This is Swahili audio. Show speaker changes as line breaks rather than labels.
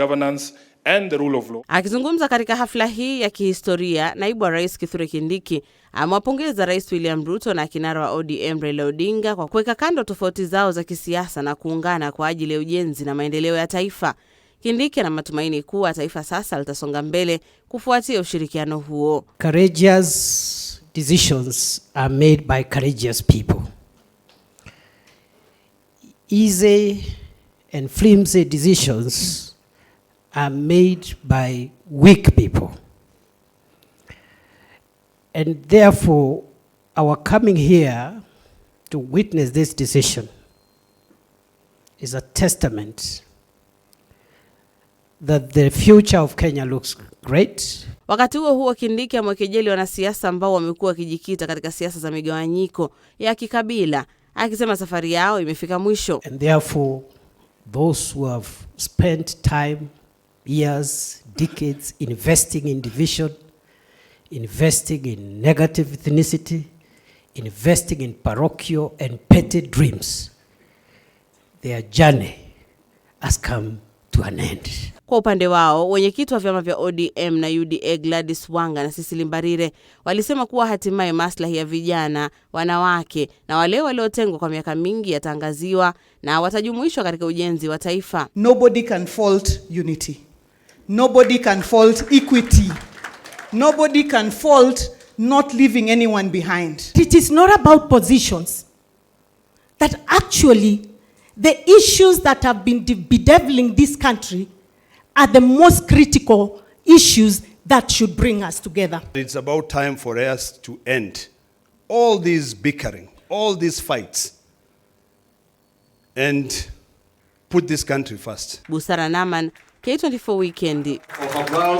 governance and the rule of law.
Akizungumza katika hafla hii ya kihistoria, naibu wa rais Kithure Kindiki amewapongeza Rais William Ruto na kinara wa ODM Raila Odinga kwa kuweka kando tofauti zao za kisiasa na kuungana kwa ajili ya ujenzi na maendeleo ya taifa. Kindiki ana matumaini kuwa taifa sasa litasonga mbele kufuatia ushirikiano huo.
Courageous decisions are made by courageous people. Easy and flimsy decisions are made by weak people. And therefore, our coming here to witness this decision is a testament that the future of Kenya looks great.
Wakati huo huo, Kindiki amwekejeli wanasiasa ambao wamekuwa wakijikita katika siasa za migawanyiko ya kikabila, akisema safari yao imefika mwisho.
And therefore, those who have spent time years, decades, investing in division, investing in negative ethnicity, investing in parochial and petty dreams. Their journey has come to an end.
Kwa upande wao wenyekiti wa vyama vya ODM na UDA Gladys Wanga na Cecily Mbarire walisema kuwa hatimaye maslahi ya vijana, wanawake na wale waliotengwa kwa miaka mingi yatangaziwa na watajumuishwa katika ujenzi wa taifa.
Nobody can fault unity. Nobody can fault equity. Nobody can fault not leaving anyone behind.
It is not about positions. That actually, the issues that have been bedeviling this country are the most critical issues that should bring us together.
It's about time for us to end all these bickering, all these fights, and put this country first.
Busara Naman, K24 Weekend.